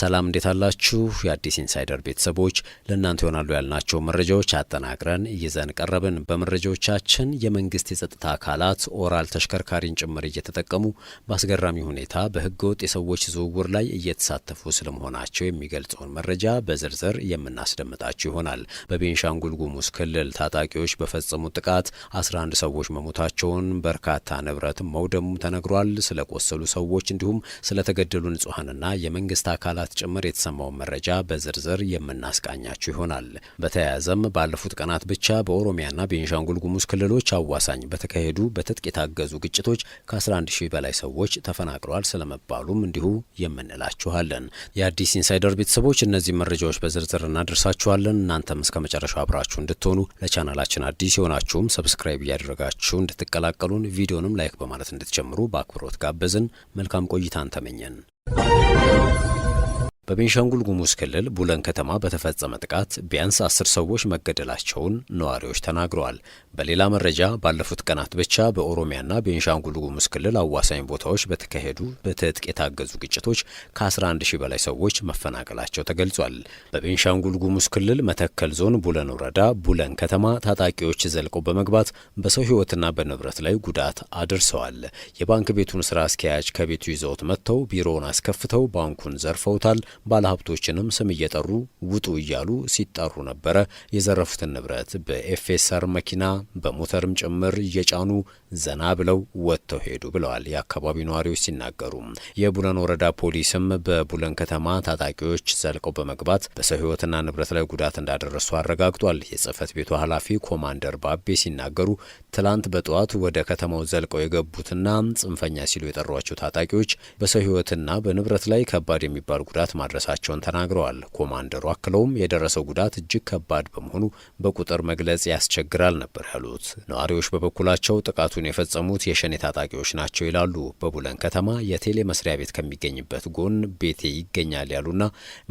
ሰላም እንዴት አላችሁ? የአዲስ ኢንሳይደር ቤተሰቦች ለእናንተ ይሆናሉ ያልናቸው መረጃዎች አጠናቅረን ይዘን ቀረብን። በመረጃዎቻችን የመንግስት የጸጥታ አካላት ኦራል ተሽከርካሪን ጭምር እየተጠቀሙ በአስገራሚ ሁኔታ በህገወጥ የሰዎች ዝውውር ላይ እየተሳተፉ ስለመሆናቸው የሚገልጸውን መረጃ በዝርዝር የምናስደምጣችሁ ይሆናል። በቤንሻንጉል ጉሙዝ ክልል ታጣቂዎች በፈጸሙት ጥቃት 11 ሰዎች መሞታቸውን፣ በርካታ ንብረት መውደሙ ተነግሯል። ስለቆሰሉ ሰዎች እንዲሁም ስለተገደሉ ንጹሐንና የመንግስት አካላት አባላት ጭምር የተሰማውን መረጃ በዝርዝር የምናስቃኛችሁ ይሆናል። በተያያዘም ባለፉት ቀናት ብቻ በኦሮሚያና ቤንሻንጉል ጉሙዝ ክልሎች አዋሳኝ በተካሄዱ በትጥቅ የታገዙ ግጭቶች ከ11 ሺህ በላይ ሰዎች ተፈናቅለዋል ስለመባሉም እንዲሁ የምንላችኋለን። የአዲስ ኢንሳይደር ቤተሰቦች እነዚህ መረጃዎች በዝርዝር እናደርሳችኋለን። እናንተም እስከ መጨረሻው አብራችሁ እንድትሆኑ ለቻናላችን አዲስ የሆናችሁም ሰብስክራይብ እያደረጋችሁ እንድትቀላቀሉን ቪዲዮንም ላይክ በማለት እንድትጀምሩ በአክብሮት ጋበዝን። መልካም ቆይታን ተመኘን። በቤንሻንጉል ጉሙዝ ክልል ቡለን ከተማ በተፈጸመ ጥቃት ቢያንስ አስር ሰዎች መገደላቸውን ነዋሪዎች ተናግረዋል። በሌላ መረጃ ባለፉት ቀናት ብቻ በኦሮሚያና ቤንሻንጉል ጉሙዝ ክልል አዋሳኝ ቦታዎች በተካሄዱ በትጥቅ የታገዙ ግጭቶች ከ11 ሺህ በላይ ሰዎች መፈናቀላቸው ተገልጿል። በቤንሻንጉል ጉሙዝ ክልል መተከል ዞን ቡለን ወረዳ ቡለን ከተማ ታጣቂዎች ዘልቀው በመግባት በሰው ሕይወትና በንብረት ላይ ጉዳት አድርሰዋል። የባንክ ቤቱን ስራ አስኪያጅ ከቤቱ ይዘውት መጥተው ቢሮውን አስከፍተው ባንኩን ዘርፈውታል። ባለሀብቶችንም ስም እየጠሩ ውጡ እያሉ ሲጣሩ ነበረ። የዘረፉትን ንብረት በኤፌሳር መኪና በሞተርም ጭምር እየጫኑ ዘና ብለው ወጥተው ሄዱ ብለዋል የአካባቢው ነዋሪዎች ሲናገሩ። የቡለን ወረዳ ፖሊስም በቡለን ከተማ ታጣቂዎች ዘልቀው በመግባት በሰው ህይወትና ንብረት ላይ ጉዳት እንዳደረሱ አረጋግጧል። የጽህፈት ቤቱ ኃላፊ ኮማንደር ባቤ ሲናገሩ ትላንት በጠዋት ወደ ከተማው ዘልቀው የገቡትና ጽንፈኛ ሲሉ የጠሯቸው ታጣቂዎች በሰው ህይወትና በንብረት ላይ ከባድ የሚባል ጉዳት ማድረሳቸውን ተናግረዋል። ኮማንደሩ አክለውም የደረሰው ጉዳት እጅግ ከባድ በመሆኑ በቁጥር መግለጽ ያስቸግራል ነበር ያሉት። ነዋሪዎች በበኩላቸው ጥቃቱን የፈጸሙት የሸኔ ታጣቂዎች ናቸው ይላሉ። በቡለን ከተማ የቴሌ መስሪያ ቤት ከሚገኝበት ጎን ቤቴ ይገኛል ያሉና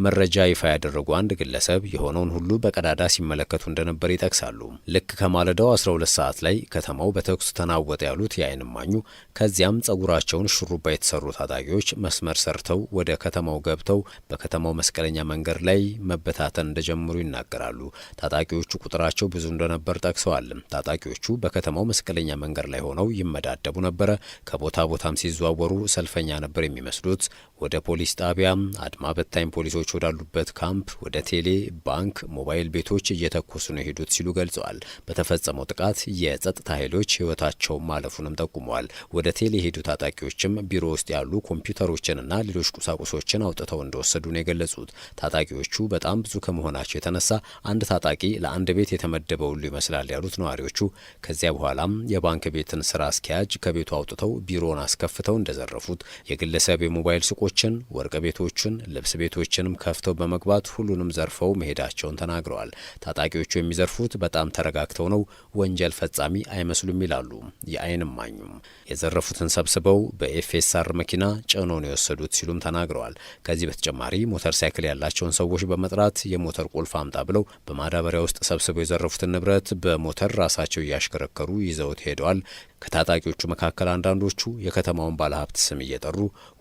መረጃ ይፋ ያደረጉ አንድ ግለሰብ የሆነውን ሁሉ በቀዳዳ ሲመለከቱ እንደነበር ይጠቅሳሉ። ልክ ከማለዳው 12 ሰዓት ላይ ከተማው በተኩስ ተናወጠ ያሉት የአይን እማኙ ከዚያም ጸጉራቸውን ሹሩባ የተሰሩ ታጣቂዎች መስመር ሰርተው ወደ ከተማው ገብተው በከተማው መስቀለኛ መንገድ ላይ መበታተን እንደጀመሩ ይናገራሉ። ታጣቂዎቹ ቁጥራቸው ብዙ እንደነበር ጠቅሰዋል። ታጣቂዎቹ በከተማው መስቀለኛ መንገድ ላይ ሆነው ይመዳደቡ ነበረ። ከቦታ ቦታም ሲዘዋወሩ ሰልፈኛ ነበር የሚመስሉት። ወደ ፖሊስ ጣቢያ አድማ በታኝ ፖሊሶች ወዳሉበት ካምፕ፣ ወደ ቴሌ፣ ባንክ፣ ሞባይል ቤቶች እየተኮሱ ነው የሄዱት ሲሉ ገልጸዋል። በተፈጸመው ጥቃት የጸጥታ ኃይሎች ህይወታቸው ማለፉንም ጠቁመዋል። ወደ ቴሌ የሄዱ ታጣቂዎችም ቢሮ ውስጥ ያሉ ኮምፒውተሮችንና ሌሎች ቁሳቁሶችን አውጥተው እንደወሰዱ ነው የገለጹት። ታጣቂዎቹ በጣም ብዙ ከመሆናቸው የተነሳ አንድ ታጣቂ ለአንድ ቤት የተመደበ ሁሉ ይመስላል ያሉት ነዋሪዎቹ ከዚያ በኋላም የባንክ ቤትን ስራ አስኪያጅ ከቤቱ አውጥተው ቢሮውን አስከፍተው እንደዘረፉት የግለሰብ የሞባይል ሱቆ ሱቆችን፣ ወርቅ ቤቶችን፣ ልብስ ቤቶችንም ከፍተው በመግባት ሁሉንም ዘርፈው መሄዳቸውን ተናግረዋል። ታጣቂዎቹ የሚዘርፉት በጣም ተረጋግተው ነው፣ ወንጀል ፈጻሚ አይመስሉም ይላሉ የአይን እማኙም። የዘረፉትን ሰብስበው በኤፌሳር መኪና ጭኖ ነው የወሰዱት ሲሉም ተናግረዋል። ከዚህ በተጨማሪ ሞተር ሳይክል ያላቸውን ሰዎች በመጥራት የሞተር ቁልፍ አምጣ ብለው በማዳበሪያ ውስጥ ሰብስበው የዘረፉትን ንብረት በሞተር ራሳቸው እያሽከረከሩ ይዘውት ሄደዋል። ከታጣቂዎቹ መካከል አንዳንዶቹ የከተማውን ባለሀብት ስም እየጠሩ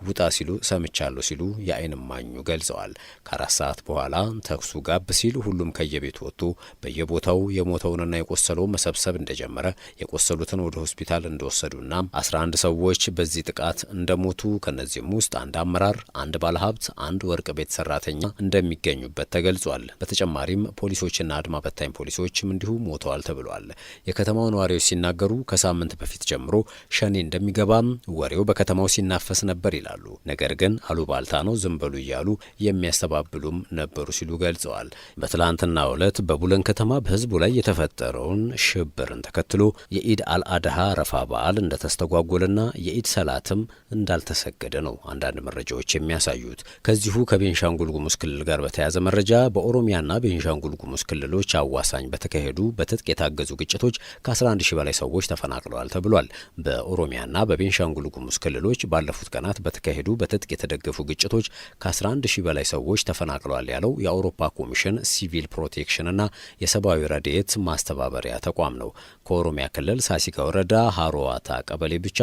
ውጣ ሲሉ ሰምቻለሁ ሲሉ የአይን እማኙ ገልጸዋል። ከአራት ሰዓት በኋላ ተኩሱ ጋብ ሲል ሁሉም ከየቤቱ ወጥቶ በየቦታው የሞተውንና የቆሰለውን መሰብሰብ እንደጀመረ የቆሰሉትን ወደ ሆስፒታል እንደወሰዱና 11 ሰዎች በዚህ ጥቃት እንደሞቱ ከነዚህም ውስጥ አንድ አመራር፣ አንድ ባለሀብት፣ አንድ ወርቅ ቤት ሰራተኛ እንደሚገኙበት ተገልጿል። በተጨማሪም ፖሊሶችና አድማ በታኝ ፖሊሶችም እንዲሁ ሞተዋል ተብሏል። የከተማው ነዋሪዎች ሲናገሩ ከሳምንት በፊት ጀምሮ ሸኔ እንደሚገባም ወሬው በከተማው ሲናፈስ ነበር ይላሉ። ነገር ግን አሉባልታ ነው ዝም እያሉ የሚያስተባብሉም ነበሩ ሲሉ ገልጸዋል። በትላንትናው ዕለት በቡለን ከተማ በህዝቡ ላይ የተፈጠረውን ሽብርን ተከትሎ የኢድ አልአድሃ ረፋ በዓል እንደተስተጓጎለና የኢድ ሰላትም እንዳልተሰገደ ነው አንዳንድ መረጃዎች የሚያሳዩት። ከዚሁ ከቤንሻንጉል ጉሙዝ ክልል ጋር በተያያዘ መረጃ በኦሮሚያና ቤንሻንጉል ጉሙዝ ክልሎች አዋሳኝ በተካሄዱ በትጥቅ የታገዙ ግጭቶች ከ11 ሺ በላይ ሰዎች ተፈናቅለዋል ተብሏል። በኦሮሚያና በቤንሻንጉል ጉሙዝ ክልሎች ባለፉት ቀናት በተካሄዱ በትጥቅ የተደገፉ ግጭቶች ከ11 ሺህ በላይ ሰዎች ተፈናቅለዋል ያለው የአውሮፓ ኮሚሽን ሲቪል ፕሮቴክሽንና የሰብአዊ ረድኤት ማስተባበሪያ ተቋም ነው። ከኦሮሚያ ክልል ሳሲጋ ወረዳ ሀሮዋታ ቀበሌ ብቻ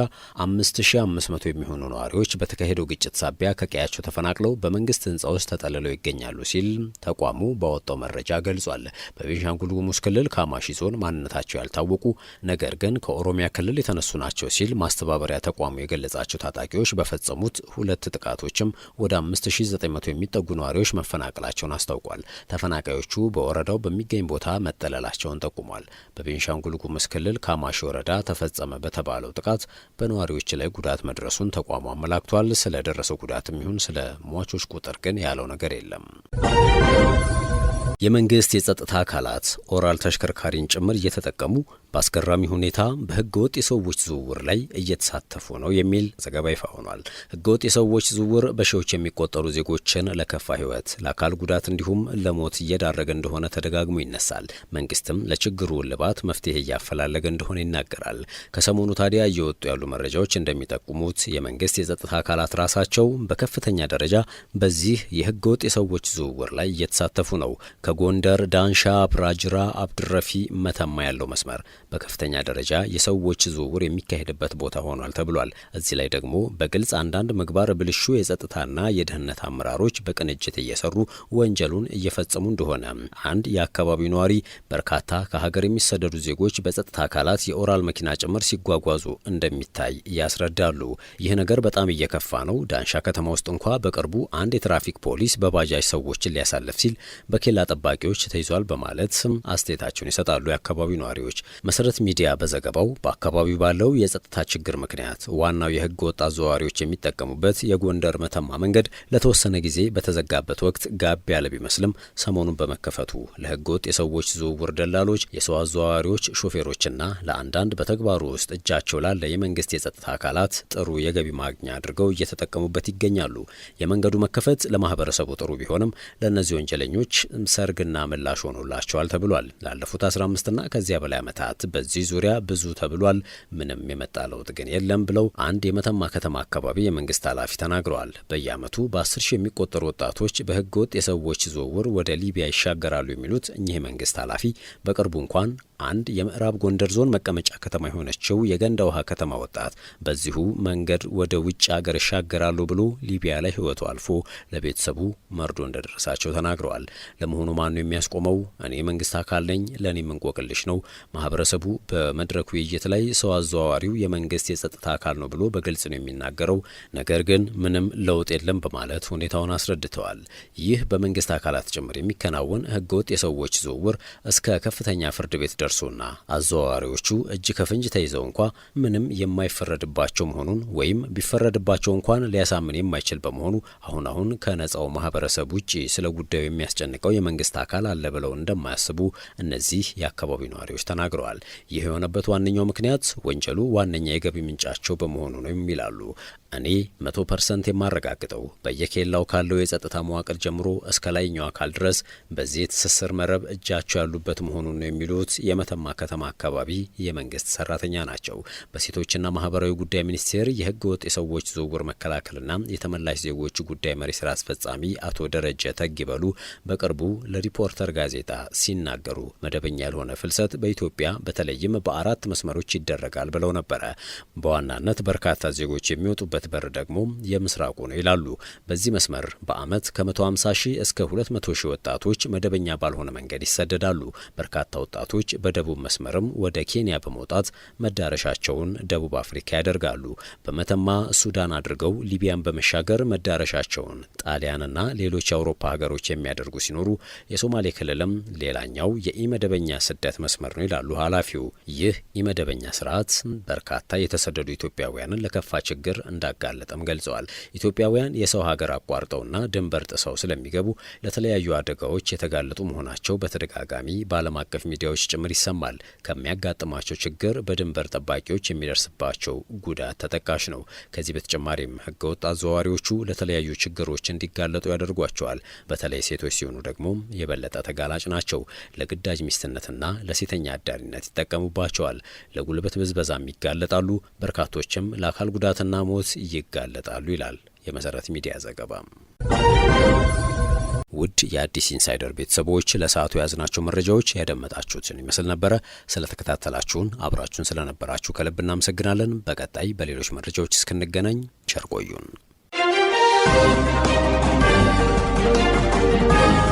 5500 የሚሆኑ ነዋሪዎች በተካሄደው ግጭት ሳቢያ ከቀያቸው ተፈናቅለው በመንግስት ህንፃ ውስጥ ተጠልለው ይገኛሉ ሲል ተቋሙ ባወጣው መረጃ ገልጿል። በቤንሻንጉል ጉሙዝ ክልል ካማሺ ዞን ማንነታቸው ያልታወቁ ነገር ግን ከኦሮሚያ ክልል የተነሱ ናቸው ሲል ማስተባበሪያ ተቋሙ የገለጻቸው ታጣቂዎች በፈጸሙት ሁለት ጥቃቶችም ወደ 5900 የሚጠጉ ነዋሪዎች መፈናቀላቸውን አስታውቋል። ተፈናቃዮቹ በወረዳው በሚገኝ ቦታ መጠለላቸውን ጠቁሟል። በቤንሻንጉል ጉሙዝ ክልል ካማሽ ወረዳ ተፈጸመ በተባለው ጥቃት በነዋሪዎች ላይ ጉዳት መድረሱን ተቋሙ አመላክቷል። ስለደረሰው ጉዳትም ይሁን ስለ ሟቾች ቁጥር ግን ያለው ነገር የለም። የመንግስት የጸጥታ አካላት ኦራል ተሽከርካሪን ጭምር እየተጠቀሙ በአስገራሚ ሁኔታ በህገ ወጥ የሰዎች ዝውውር ላይ እየተሳተፉ ነው የሚል ዘገባ ይፋ ሆኗል። ህገ ወጥ የሰዎች ዝውውር በሺዎች የሚቆጠሩ ዜጎችን ለከፋ ህይወት፣ ለአካል ጉዳት እንዲሁም ለሞት እየዳረገ እንደሆነ ተደጋግሞ ይነሳል። መንግስትም ለችግሩ እልባት መፍትሄ እያፈላለገ እንደሆነ ይናገራል። ከሰሞኑ ታዲያ እየወጡ ያሉ መረጃዎች እንደሚጠቁሙት የመንግስት የጸጥታ አካላት ራሳቸው በከፍተኛ ደረጃ በዚህ የህገ ወጥ የሰዎች ዝውውር ላይ እየተሳተፉ ነው። ከጎንደር ዳንሻ፣ ፕራጅራ፣ አብድረፊ፣ መተማ ያለው መስመር በከፍተኛ ደረጃ የሰዎች ዝውውር የሚካሄድበት ቦታ ሆኗል ተብሏል። እዚህ ላይ ደግሞ በግልጽ አንዳንድ ምግባር ብልሹ የጸጥታና የደህንነት አመራሮች በቅንጅት እየሰሩ ወንጀሉን እየፈጸሙ እንደሆነ አንድ የአካባቢው ነዋሪ በርካታ ከሀገር የሚሰደዱ ዜጎች በጸጥታ አካላት የኦራል መኪና ጭምር ሲጓጓዙ እንደሚታይ ያስረዳሉ። ይህ ነገር በጣም እየከፋ ነው። ዳንሻ ከተማ ውስጥ እንኳ በቅርቡ አንድ የትራፊክ ፖሊስ በባጃጅ ሰዎችን ሊያሳልፍ ሲል በኬላ ጠባቂዎች ተይዟል በማለት ስም አስተያየታቸውን ይሰጣሉ የአካባቢው ነዋሪዎች። መሰረት ሚዲያ በዘገባው በአካባቢው ባለው የጸጥታ ችግር ምክንያት ዋናው የሕገ ወጥ አዘዋዋሪዎች የሚጠቀሙበት የጎንደር መተማ መንገድ ለተወሰነ ጊዜ በተዘጋበት ወቅት ጋብ ያለ ቢመስልም ሰሞኑን በመከፈቱ ለሕገ ወጥ የሰዎች ዝውውር ደላሎች፣ የሰው አዘዋዋሪዎች፣ ሾፌሮችና ለአንዳንድ በተግባሩ ውስጥ እጃቸው ላለ የመንግስት የጸጥታ አካላት ጥሩ የገቢ ማግኛ አድርገው እየተጠቀሙበት ይገኛሉ። የመንገዱ መከፈት ለማህበረሰቡ ጥሩ ቢሆንም ለእነዚህ ወንጀለኞች ሰርግና ምላሽ ሆኖላቸዋል ተብሏል። ላለፉት 15ና ከዚያ በላይ ዓመታት በዚህ ዙሪያ ብዙ ተብሏል፣ ምንም የመጣ ለውጥ ግን የለም ብለው አንድ የመተማ ከተማ አካባቢ የመንግስት ኃላፊ ተናግረዋል። በየአመቱ በአስር ሺህ የሚቆጠሩ ወጣቶች በህገ ወጥ የሰዎች ዝውውር ወደ ሊቢያ ይሻገራሉ የሚሉት እኚህ የመንግስት ኃላፊ በቅርቡ እንኳን አንድ የምዕራብ ጎንደር ዞን መቀመጫ ከተማ የሆነችው የገንዳ ውሃ ከተማ ወጣት በዚሁ መንገድ ወደ ውጭ አገር ይሻገራሉ ብሎ ሊቢያ ላይ ህይወቱ አልፎ ለቤተሰቡ መርዶ እንደደረሳቸው ተናግረዋል። ለመሆኑ ማኑ የሚያስቆመው? እኔ መንግስት አካል ነኝ፣ ለእኔም እንቆቅልሽ ነው። ማህበረሰቡ በመድረኩ ውይይት ላይ ሰው አዘዋዋሪው የመንግስት የጸጥታ አካል ነው ብሎ በግልጽ ነው የሚናገረው፣ ነገር ግን ምንም ለውጥ የለም በማለት ሁኔታውን አስረድተዋል። ይህ በመንግስት አካላት ጭምር የሚከናወን ህገወጥ የሰዎች ዝውውር እስከ ከፍተኛ ፍርድ ቤት ደርሶ ደርሶና አዘዋዋሪዎቹ እጅ ከፍንጅ ተይዘው እንኳ ምንም የማይፈረድባቸው መሆኑን ወይም ቢፈረድባቸው እንኳን ሊያሳምን የማይችል በመሆኑ አሁን አሁን ከነጻው ማህበረሰብ ውጭ ስለ ጉዳዩ የሚያስጨንቀው የመንግስት አካል አለ ብለው እንደማያስቡ እነዚህ የአካባቢው ነዋሪዎች ተናግረዋል። ይህ የሆነበት ዋነኛው ምክንያት ወንጀሉ ዋነኛ የገቢ ምንጫቸው በመሆኑ ነው ይላሉ። እኔ መቶ ፐርሰንት የማረጋግጠው በየኬላው ካለው የጸጥታ መዋቅር ጀምሮ እስከ ላይኛው አካል ድረስ በዚህ የትስስር መረብ እጃቸው ያሉበት መሆኑን ነው የሚሉት የመተማ ከተማ አካባቢ የመንግስት ሰራተኛ ናቸው። በሴቶችና ማህበራዊ ጉዳይ ሚኒስቴር የህገ ወጥ የሰዎች ዝውውር መከላከልና የተመላሽ ዜጎች ጉዳይ መሪ ስራ አስፈጻሚ አቶ ደረጀ ተግበሉ በቅርቡ ለሪፖርተር ጋዜጣ ሲናገሩ መደበኛ ያልሆነ ፍልሰት በኢትዮጵያ በተለይም በአራት መስመሮች ይደረጋል ብለው ነበረ። በዋናነት በርካታ ዜጎች የሚወጡበት የጥምቀት በር ደግሞ የምስራቁ ነው ይላሉ። በዚህ መስመር በአመት ከ150 ሺህ እስከ 200 ሺህ ወጣቶች መደበኛ ባልሆነ መንገድ ይሰደዳሉ። በርካታ ወጣቶች በደቡብ መስመርም ወደ ኬንያ በመውጣት መዳረሻቸውን ደቡብ አፍሪካ ያደርጋሉ። በመተማ ሱዳን አድርገው ሊቢያን በመሻገር መዳረሻቸውን ጣሊያንና ሌሎች የአውሮፓ ሀገሮች የሚያደርጉ ሲኖሩ የሶማሌ ክልልም ሌላኛው የኢመደበኛ ስደት መስመር ነው ይላሉ ኃላፊው። ይህ ኢመደበኛ ስርዓት በርካታ የተሰደዱ ኢትዮጵያውያንን ለከፋ ችግር እንዳ እንዳጋለጠም ገልጸዋል። ኢትዮጵያውያን የሰው ሀገር አቋርጠውና ድንበር ጥሰው ስለሚገቡ ለተለያዩ አደጋዎች የተጋለጡ መሆናቸው በተደጋጋሚ በዓለም አቀፍ ሚዲያዎች ጭምር ይሰማል። ከሚያጋጥማቸው ችግር በድንበር ጠባቂዎች የሚደርስባቸው ጉዳት ተጠቃሽ ነው። ከዚህ በተጨማሪም ህገወጥ አዘዋዋሪዎቹ ለተለያዩ ችግሮች እንዲጋለጡ ያደርጓቸዋል። በተለይ ሴቶች ሲሆኑ ደግሞ የበለጠ ተጋላጭ ናቸው። ለግዳጅ ሚስትነትና ለሴተኛ አዳሪነት ይጠቀሙባቸዋል። ለጉልበት ብዝበዛም ይጋለጣሉ። በርካቶችም ለአካል ጉዳትና ሞት ይጋለጣሉ ይላል የመሰረት ሚዲያ ዘገባ። ውድ የአዲስ ኢንሳይደር ቤተሰቦች ለሰዓቱ የያዝናቸው መረጃዎች ያደመጣችሁትን ይመስል ነበረ። ስለተከታተላችሁን አብራችሁን ስለነበራችሁ ከልብ እናመሰግናለን። በቀጣይ በሌሎች መረጃዎች እስክንገናኝ ቸር ቆዩን።